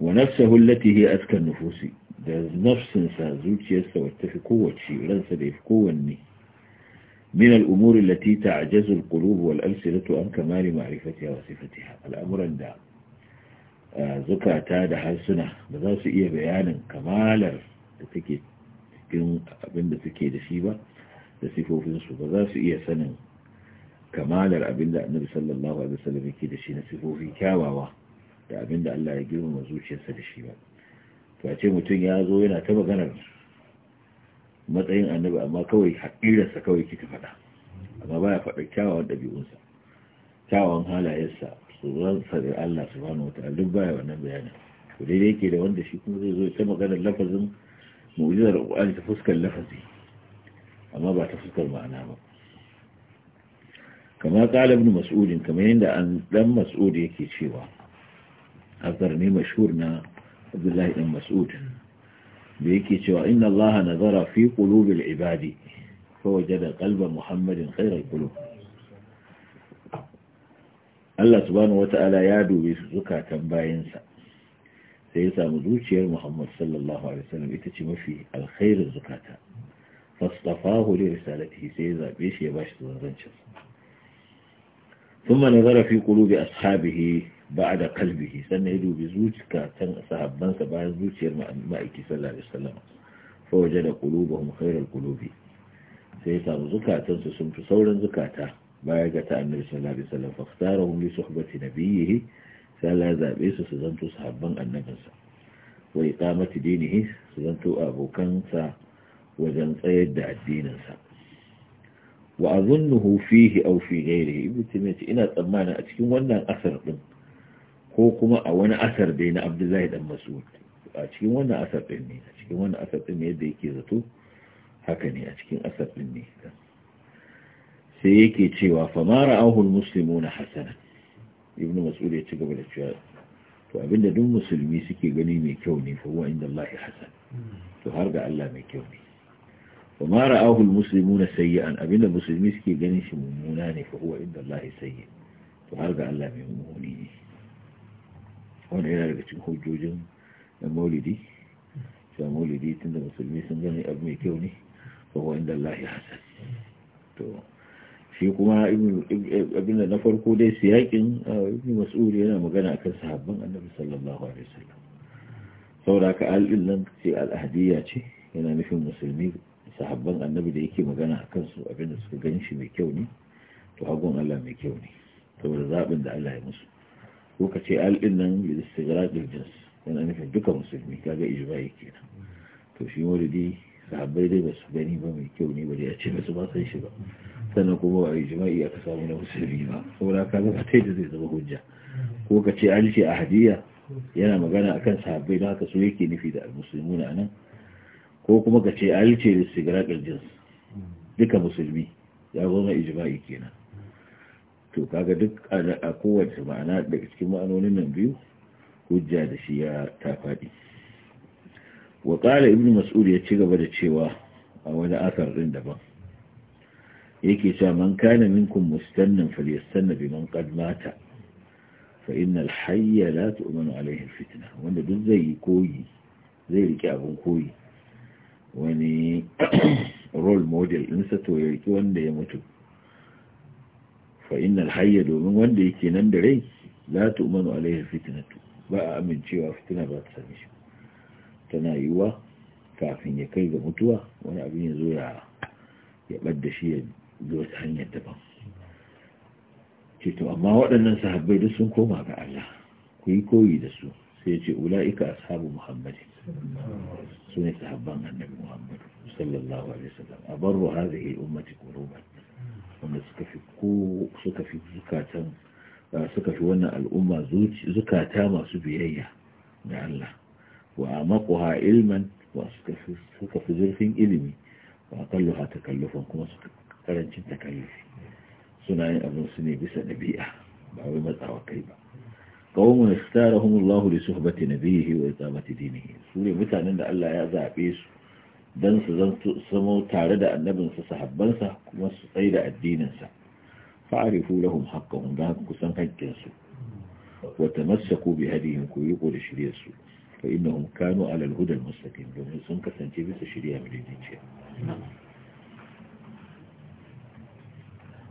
ونفسه التي هي أذكى النفوس da nafsin nafsinsa zuciyarsa wata fi kowace ransa da fi kowanne min lati من الأمور التي تعجز القلوب والألسنة عن da zukata da harsuna ba za su iya bayanin kamalar da take cikin abin da suke da shi ba da sifofinsu ba za su iya sanin kamalar abin da annabi sallallahu alaihi wasallam yake da shi na sifofi kyawawa da abin da Allah ya girmama zuciyarsa da shi ba bace mutum ya zo yana ta maganar matsayin annabi amma kawai haƙirarsa kawai kika faɗa amma baya faɗa kyawawan ɗabi'unsa kyawawan halayensa tsoron sadar Allah su wa wata duk baya wannan bayanin ku daidai yake da wanda shi kuma zai zo ta maganar lafazin mu'jizar Qur'ani ta fuskar lafazi amma ba ta fuskar ma'ana ba kama kala ibn mas'udin kamar yadda an dan mas'ud yake cewa azar ne mashhur na عبد الله بن مسعود بيكي سوى إن الله نظر في قلوب العباد فوجد قلب محمد خير القلوب الله سبحانه وتعالى يادو بسكا تنباينسا سيسا مدوشي محمد صلى الله عليه وسلم اتشم في الخير الزكاة فاصطفاه لرسالته سيسا بيش يباشد ثم نظر في قلوب أصحابه ba da kalbihi sannan ya dubi zuciya can sahabbansa bayan zuciyar ma'aiki sallallahu alaihi wasallam fa waje da qulubuhum khairal qulubi sai ya samu zukatansu sun fi sauran zukata baya ga ta annabi sallallahu alaihi wasallam fa ikhtarahum li suhbati nabiyhi ya zabe su su zanto sahabban annabinsa wa iqamati dinihi su zanto abokansa wajen tsayar da addininsa wa azunnuhu fihi aw fi ghairihi ibnu taymiyyah ina tsammanin a cikin wannan asar din ko kuma a wani asar dai na abdullahi dan mas'ud a cikin wannan asar din ne a cikin wannan asar din ne yadda yake zato haka ne a cikin asar din ne sai yake cewa fa ma ra'ahu almuslimuna hasanan ibnu mas'ud ya ci gaba da cewa to abinda duk musulmi suke gani mai kyau ne fa huwa inda Allah hasan to har ga Allah mai kyau ne fa ma ra'ahu almuslimuna sayyi'an abinda musulmi suke ganin shi mummuna ne fa huwa inda Allah sayyi to har ga Allah mai mummuni ne wani yana daga cikin hujjojin na maulidi cewa maulidi tun da musulmi sun gani abu mai kyau ne ba wa inda Allah ya hasa to shi kuma abin da na farko dai su yakin ibn mas'ud yana magana akan sahabban annabi sallallahu alaihi wasallam saboda ka al'in nan ce al'ahadiyya ce yana nufin musulmi sahabban annabi da yake magana a kansu abinda suka gani shi mai kyau ne to hagun Allah mai kyau ne saboda zaɓin da Allah ya musu ko ka ce al'in nan bil istigraqil jins yana nufin duka musulmi kaga ijma'i kenan to shi maulidi sahabbai dai basu gani ba mai kyau ne ba da ya ce basu ba san shi ba sannan kuma ba ijma'i aka samu na musulmi ba saboda kaga ba ta zai zama hujja ko ka ce an ce a hadiyya yana magana akan sahabbai da haka su yake nufi da musulmi na nan ko kuma ka ce an ce da sigarar jins duka musulmi ya zama ijma'i kenan to kaga duk a kowace ma'ana daga cikin ma'anonin nan biyu hujja da shi ya ta faɗi wa ƙara ibn mas'ud ya ci gaba da cewa a wani asar ɗin daban yake cewa man kana minkum mustannan falyastanna bi man qad mata fa innal hayya la tu'minu alayhi fitna wanda duk zai yi koyi zai rike abun koyi wani role model ɗinsa to ya rike wanda ya mutu fa hayya domin wanda yake nan da rai la tu'manu alaihi fitnatu ba a amincewa fitina ba ta sami shi tana yiwuwa kafin ya kai ga mutuwa wani abin ya zo ya ɓadda shi ya zo wata hanyar daban ce to amma waɗannan sahabbai da sun koma ga Allah ku yi koyi da su sai ce ula'ika ashabu muhammadin su ne sahabban annabi muhammadu sallallahu alaihi wasallam abarru hadhihi ummati quluban wanda suka fi ko suka fi zukatan ah, suka fi wannan al'umma zukata masu biyayya da Allah wa amaquha ilman wa suka fi zurfin ilimi wa ha takallufan kuma suka karancin takallufi suna yin abin su ne bisa ɗabi'a ba wai matsawa kai ba qawmun istarahum Allah li suhbati nabiyhi wa iqamati dinihi su ne mutanen da Allah ya zaɓe su don su samo tare da annabinsa sahabbansa kuma su tsaye da addininsa fa'arifu lahum haqqahum da ku san haƙƙinsu wa tamassaku bi hadihim ku yi da shiryarsu fa innahum kanu ala al-huda al-mustaqim domin sun kasance bisa shirya madaidaiciya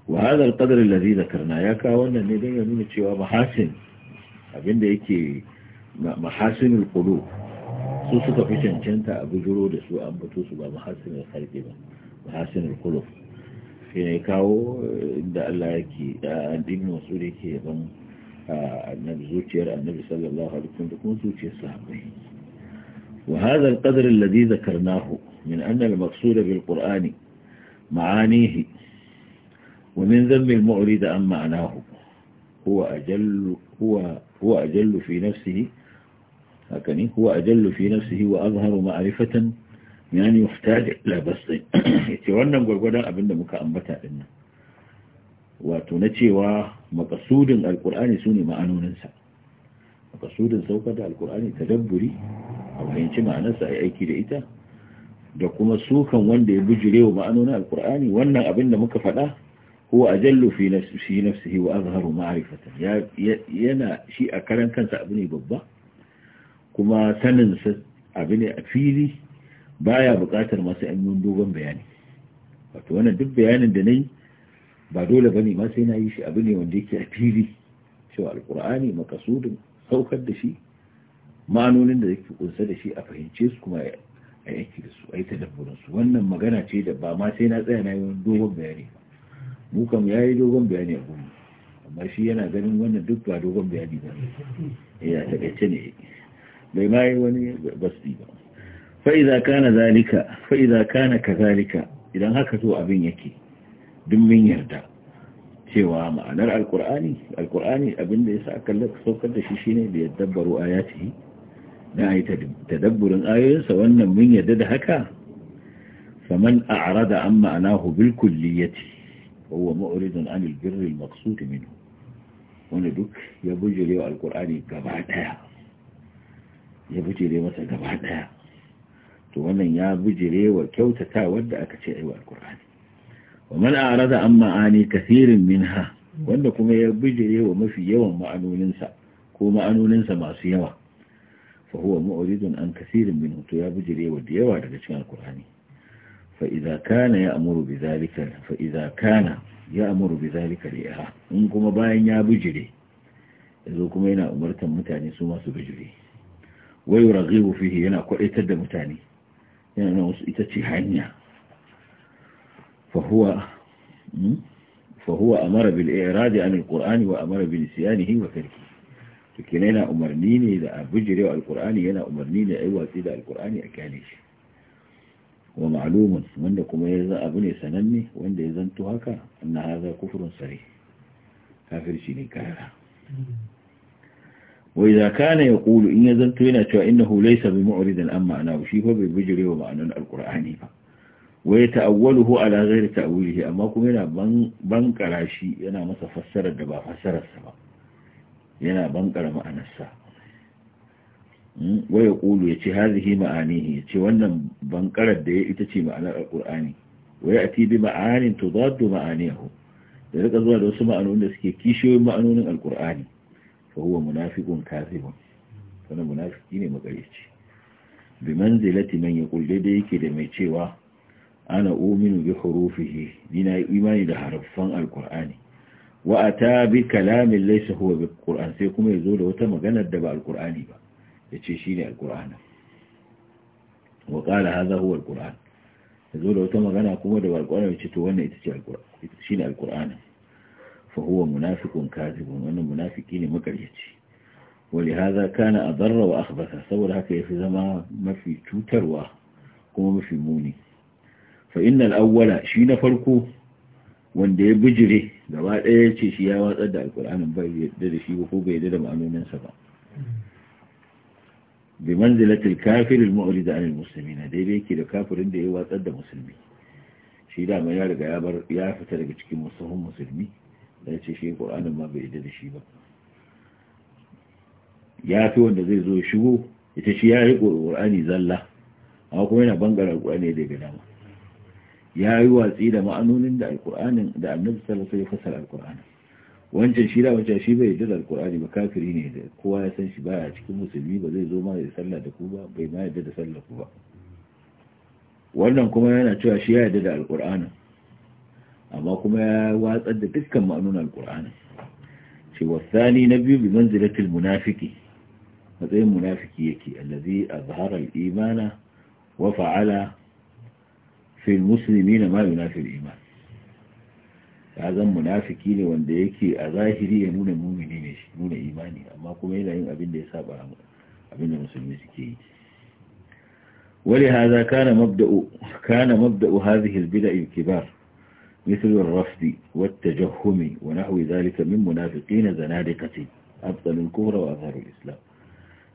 wa hadha al-qadr alladhi dhakarna ya ka wannan ne dan ya nuna cewa mahasin abinda yake mahasinul qulub su suka fi cancanta a bujuro da su an batu su ba mahasin al-khalqi ba mahasin al-khuluq shi ne kawo da Allah yake da addinin wasu da yake ban annabi zuciyar annabi sallallahu alaihi wasallam kuma zuciyar sahabbai wa hadha al-qadr alladhi dhakarnahu min anna al-maqsud bil qur'ani ma'anihi wa min dhanbi al-mu'rid amma anahu huwa ajallu huwa huwa ajallu fi nafsihi haka ne huwa ajallu fi nafsihi wa azharu ma'rifatan yani muhtaj ila basti yace wannan gurgurdan abinda muka ambata din wato na cewa maqasudin alqur'ani sune ma'anonin sa maqasudin saukar da alqur'ani a fahimci ma'anarsa ai aiki da ita da kuma sukan wanda ya bujirewa ma'anonin alkur'ani wannan abinda muka faɗa هو أجل في نفسه, في نفسه وأظهر معرفة يا ينا شيء أكرم كان سأبني ببا kuma saninsa abu ne a fili baya bukatar masu yan dogon bayani wato wannan duk bayanin da na yi ba dole ba ne masu yana yi shi abu ne wanda yake a fili cewa alkur'ani makasudin saukar da shi ma'anonin da yake kunsa da shi a fahimce su kuma a yake da su a yi su wannan magana ce da ba ma sai na tsaya na yi dogon bayani ba mu ya yi dogon bayani a gudu amma shi yana ganin wannan duk ba dogon bayani ba ya taƙaice ne eh, بماي وني بس دي فإذا كان ذلك فإذا كان كذلك إذا هكذا أبين يكي دم من يرد سوى ما نرى القرآن القرآن أبين ليس أكلك سوى كده شيشين بيتدبر آياته نعي تدبر آية سوى أن من يدد هكا فمن أعرض عن معناه بالكلية هو مؤرد عن البر المقصود منه وندوك ونبك يبجل القرآن قبعتها ya bijire masa gaba daya to wannan ya bujire wa kyautata wanda aka ce aiwa alkur'ani wa man arada an ma'ani kaseerin minha wanda kuma ya bujire wa mafi yawan sa ko ma'anoninsa masu yawa fa huwa mu'ridun an kaseerin minhu to ya bujire wa da yawa daga cikin alkur'ani fa idza kana ya'muru bi zalika fa idza kana ya'muru bi zalika liha in kuma bayan ya bijire yazo kuma yana umartan mutane su masu bijire ويرغب فيه هنا يعني كل يتدم إيه تاني ينا يعني نوس يتشي فهو فهو أمر بالإعراض عن القرآن وأمر بنسيانه وتركه لكن أنا أمرنيني إذا أبجر القرآن هنا أمرنيني أيوة إذا القرآن أكانيش ومعلوم وأنكم إذا أبني سنني وأن إذا أنتهك أن هذا كفر صريح كافر شيني كهذا wa idza kana yaqulu in ya zanto yana cewa innahu laysa bi mu'ridin amma ana shi fa bai bijire wa ma'anar alqur'ani ba wa yata'awwaluhu ala ghairi ta'wilihi amma kuma yana ban shi yana masa fassarar da ba fassarar ba yana bankara ma'anar sa hmm? wa yaqulu yace hadhihi ma'anihi yace wannan bankarar da ya ita ce ma'anar alqur'ani wa ya'ti bi ma'anin tudaddu ma'anihi da zuwa da wasu ma'anonin da suke kishiyoyin ma'anonin alqur'ani fa huwa munafiqun kafirun wannan munafiki ne makareci bi manzilati man yaqul daidai yake da mai cewa ana ominu bi hurufihi yi imani da harfan alqur'ani wa ata bi kalamin laysa huwa bi qur'an sai kuma yazo da wata magana da ba alqur'ani ba yace shine alqur'ani wa qala hadha huwa alqur'an yazo da wata magana kuma da ba alqur'ani yace to wannan ita ce alqur'ani shine alqur'ani fahuwa munafikun kazibun wannan munafiki ne makaryaci wali haza kana a zarra wa saboda haka ya fi zama mafi cutarwa kuma mafi muni fa inna awwala shi na farko wanda ya bijire gaba ɗaya ce shi ya watsar da alkur'ani ba yadda da shi ko bai da ma'anonin ba bi manzilatil kafir al-mu'rid an al-muslimin dai dai yake da kafirin da ya watsar da musulmi shi da mai ya riga ya fita daga cikin musulmi musulmi da ya ce shi ƙur'anin ma bai da shi ba ya fi wanda zai zo shigo ita shi ya yi ƙur'ani zalla amma kuma yana bangaren ƙur'ani da gada ma ya yi watsi da ma'anonin da alƙur'anin da annabi sallallahu alaihi wasallam ya fassara wancan shi da wancan shi bai da alƙur'ani ba kafiri ne da kowa ya san shi baya cikin musulmi ba zai zo ma ya sallah da ku ba bai ma yarda da sallah ku ba wannan kuma yana cewa shi ya yarda da alƙur'anin amma kuma ya watsar da dukkan ma'anunan alkur'ani ce wasani na biyu bi manzilatul munafiki matsayin munafiki yake allazi azhara al-imana wa fa'ala fi al-muslimina ma yunafi al-iman ya zan munafiki ne wanda yake a zahiri ya nuna mumini ne shi nuna imani amma kuma yana yin abin da ya saba abin da musulmi suke yi ولهذا كان مبدأ كان مبدأ هذه البدع الكبار مثل الرفض والتجهم ونحو ذلك من منافقين زنادقة أبطل الكفر وأظهر الإسلام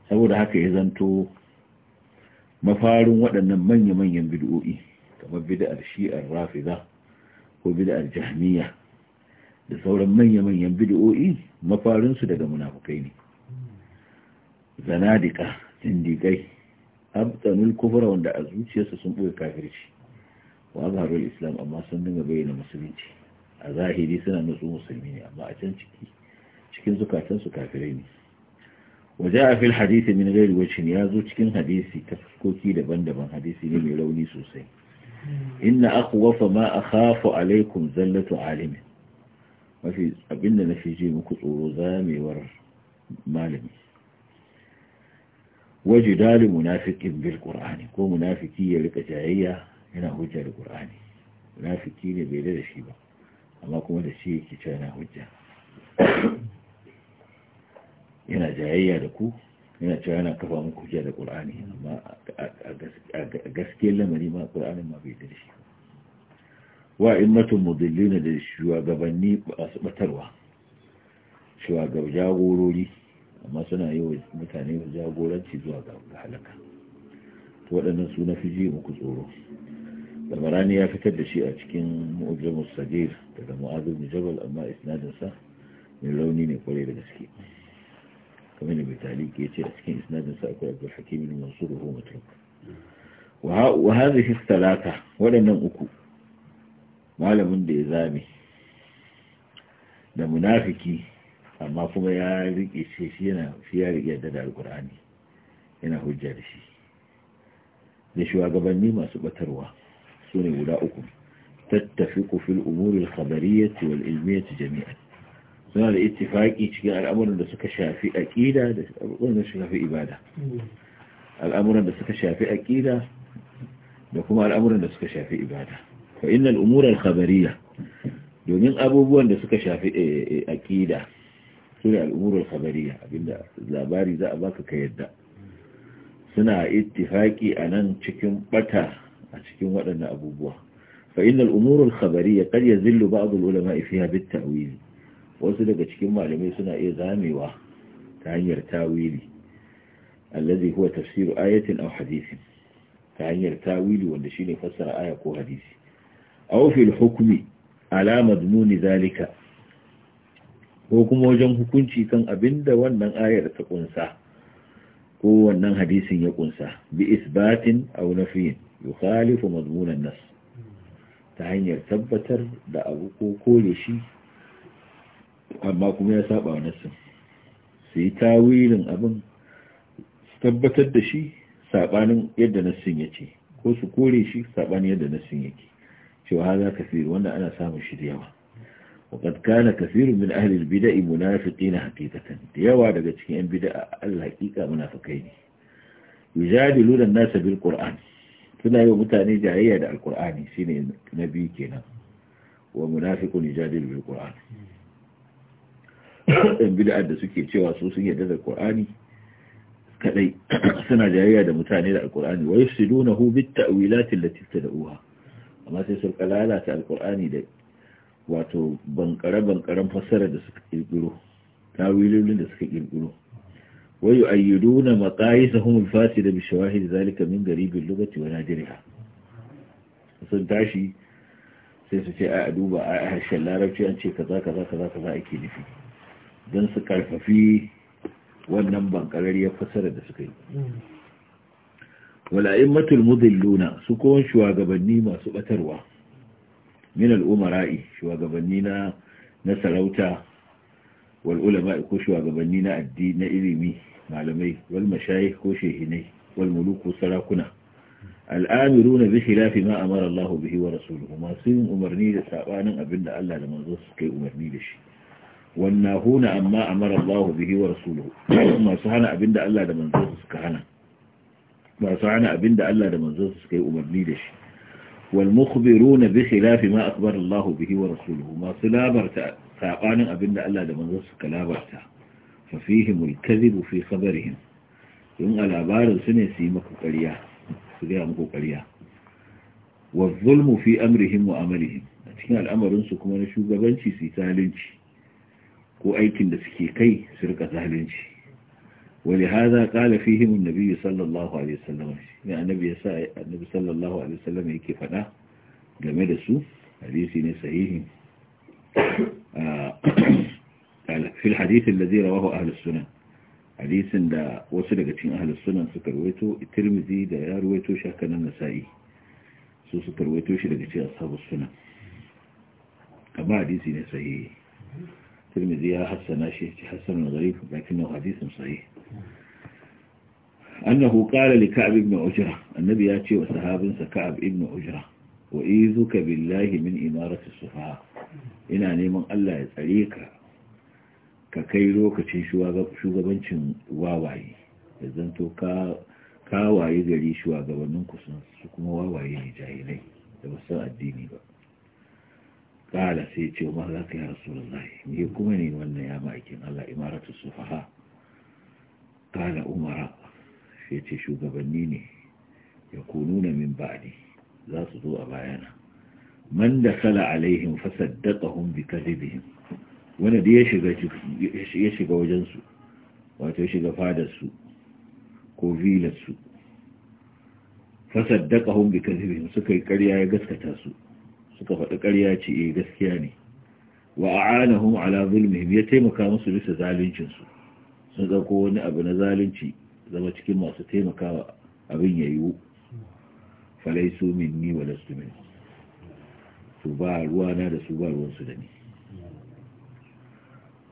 سأقول هكا إذن تو مفعل ودن من يمن ينبدؤي كما بدأ الشيء الرافضة وبدأ الجهمية لسأقول من يمن ينبدؤي مفعل سدد منافقين زنادقة زنديقين أبطل الكفر وأن أزوجي سسنبوه كافرشي وأظهر الإسلام أما سنن بين المسلمين أظاهري سنة نصو مسلمين أما أتن تكي تكين زكاة تنسو كافرين وجاء في الحديث من غير وجه يازو تكين حديثي تفكوكي لبن لبن حديثي لم يلوني سوسي إن أقوف ما أخاف عليكم زلة عالم ما في أبن نفجي مكتور ور مالمي وجدال منافق بالقرآن كو منافقية لك yana hujja da qur'ani munafiki ne bai da shi ba amma kuma da shi yake cewa yana hujja yana jayayya da ku yana cewa yana kafa muku hujja da qur'ani amma a gaske lamari ma ƙur'ani ma bai da shi wa immatun mudillina da shugabanni masu batarwa ga jagorori amma suna yi wa mutane jagoranci zuwa ga halaka to waɗannan su na fi ji muku tsoro tabarani ya fitar da shi a cikin mu'jamus sagir daga mu'adh ibn jabal amma isnadin mai launi ne kwarai da gaske kamar da bitali ya ce a cikin isnadin akwai abdul hakim ibn mansur ko matruk wa hadhihi thalatha waɗannan uku malamin da ya zame da munafiki amma kuma ya rike shi yana shi ya rike da alqur'ani yana hujja da shi da shugabanni masu batarwa سوري ولاؤكم تتفق في الأمور الخبرية والإلمية جميعا هنا الاتفاق يتجاه الأمر أن سكشى في أكيدة أن سكشى في إبادة الأمر أن سكشى في أكيدة لكم الأمر أن سكشى في إبادة فإن الأمور الخبرية دون أبو بو أن سكشى في أكيدة سوري الأمور الخبرية لا بارزة أباك كيدة هنا اتفاقي أنا تكيم بطر أتكلم ولنا أبو بوه فإن الأمور الخبرية قد يزل بعض العلماء فيها بالتأويل وسلك أتكلم معلمي سنة إذامي وه تعير تاويلي الذي هو تفسير آية أو حديث تعير تاويلي والنشين يفسر آية أو حديث أو في الحكم على مضمون ذلك حكم وجم حكم كان أبند وأن آية تكون سا ko wannan hadisin ya kunsa bi isbatin aw nafiin yukhalifu mazmunan nas ta hanyar tabbatar da abu ko kore shi amma kuma ya saba wa nassin su yi tawilin abin su tabbatar da shi sabanin yadda nassin ya ce ko su kore shi sabanin yadda nassin yake cewa haza kafir wanda ana samun shi da yawa وقد كان كثير من أهل البدع منافقين Da ديوا daga cikin 'yan bid'a al-haqiqa munafikai ne yujadiluna an-nasa bil-qur'an suna yi wa mutane jayayya da alkur'ani shine na biyu kenan wa munafiqun jadil bil qur'an ɗan da suke cewa su sun yarda da alkur'ani kadai suna jayayya da mutane da alkur'ani wa yufsidunahu bit ta'wilat da tad'uha amma sai sun kalalata alkur'ani da wato bankare bankaren fassara da suka kirkiro tawilolin da suka kirkiro ويؤيدون مقاييسهم الفاسدة بشواهد ذلك من قريب اللغة ونادرها sun tashi sai su ce a duba a harshen larabci an ce kaza kaza kaza kaza ake nufi don su karfafi wannan bankarar ya fasara da suka yi wala'immatul luna su kuma shugabanni masu batarwa min al'umara'i shugabanni na na sarauta والعلماء كوشوا غبنينا الدين إليمي معلمي والمشايخ كوشيهني والملوك سراكنا الآمرون بخلاف ما أمر الله به ورسوله ما سيهم أمرني لسابانا أبن الله لما كي أمرني لشي والناهون أما أمر الله به ورسوله ما سحنا أبن الله لما نزوسك هنا ما سحنا أبن الله لما كي أمرني لشي والمخبرون بخلاف ما أخبر الله به ورسوله ما سلابرت sabanin abinda Allah da manzon suka labarta fa fihimul kadhibu fi khabarihim in a labarin su ne su yi maka ƙarya su muku ƙarya wa zulmu fi amrihim wa amalihim a cikin al'amarin su kuma na shugabanci su yi zalunci ko aikin da suke kai su rika zalunci ولهذا قال فيهم النبي صلى الله عليه وسلم يعني النبي النبي صلى الله عليه وسلم yake fada game da su hadisi ne sahihin. آه، في الحديث الذي رواه أهل السنة حديث دا وصل قتين أهل السنة سكرويتو الترمذي دا يرويتو شاكنا نسائي سو سكرويتو شل قتين أصحاب السنة أما حديث نسائي الترمذي حسن ناشي حسن غريب لكنه حديث صحيح أنه قال لكعب ابن أجرة النبي ياتي وصحابه كعب ابن أجرة wa izuka billahi min imaratu sufaha ina neman Allah ya tsare ka ka kai lokacin shugabancin wawaye da zanto ka kawaye gari shugabannin ku su kuma wawaye ne jahilai da ba addini ba kala sai ce ma za ka yi rasulullahi me kuma ne wannan ya aikin Allah imaratu sufaha kala umara sai ce shugabanni ne ya kununa min ba'di za su zo a bayana man da sala alaihim fa saddaqahum bi kadhibihim wanda da ya shiga ya shiga wajen su wato ya shiga fadar su ko vilar su fa saddaqahum bi kadhibihim suka yi ƙarya ya gaskata su suka faɗi ƙarya ce eh gaskiya ne wa a'anahum ala zulmihim ya taimaka musu bisa zaluncin su sun ga ko wani abu na zalunci zama cikin masu taimakawa abin ya yiwu falaisu minni wa lastu min su ba ruwana da su ba ruwansu da ni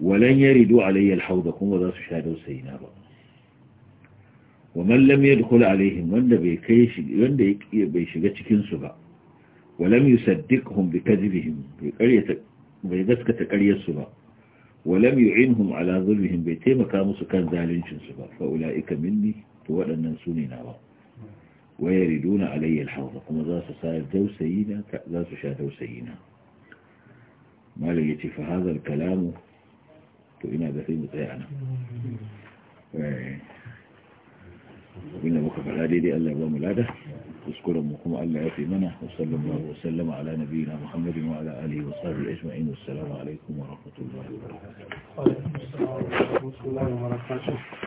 walan yaridu alayya alhawda kuma za su sha dausayi na ba wa man lam yadkhul alaihim wanda bai kai wanda bai shiga cikin su ba wa lam yusaddiqhum bi kadhibihim bai gaskata karyarsu su ba walam lam yu'inhum ala dhulmihim bai taimaka musu kan zalincin su ba fa ulaika minni to waɗannan su ne ويردون علي الحوض كما ذاس سائل توسينا ذاس شا سيدة ما ليتي فهذا الكلام تؤنا بثين بطيعنا وإن إيه. مكف الهديدي ألا يبقى ملاده اذكر أمكم ألا يأتي وصلى الله وسلم على نبينا محمد وعلى آله وصحبه أجمعين والسلام عليكم ورحمة الله وبركاته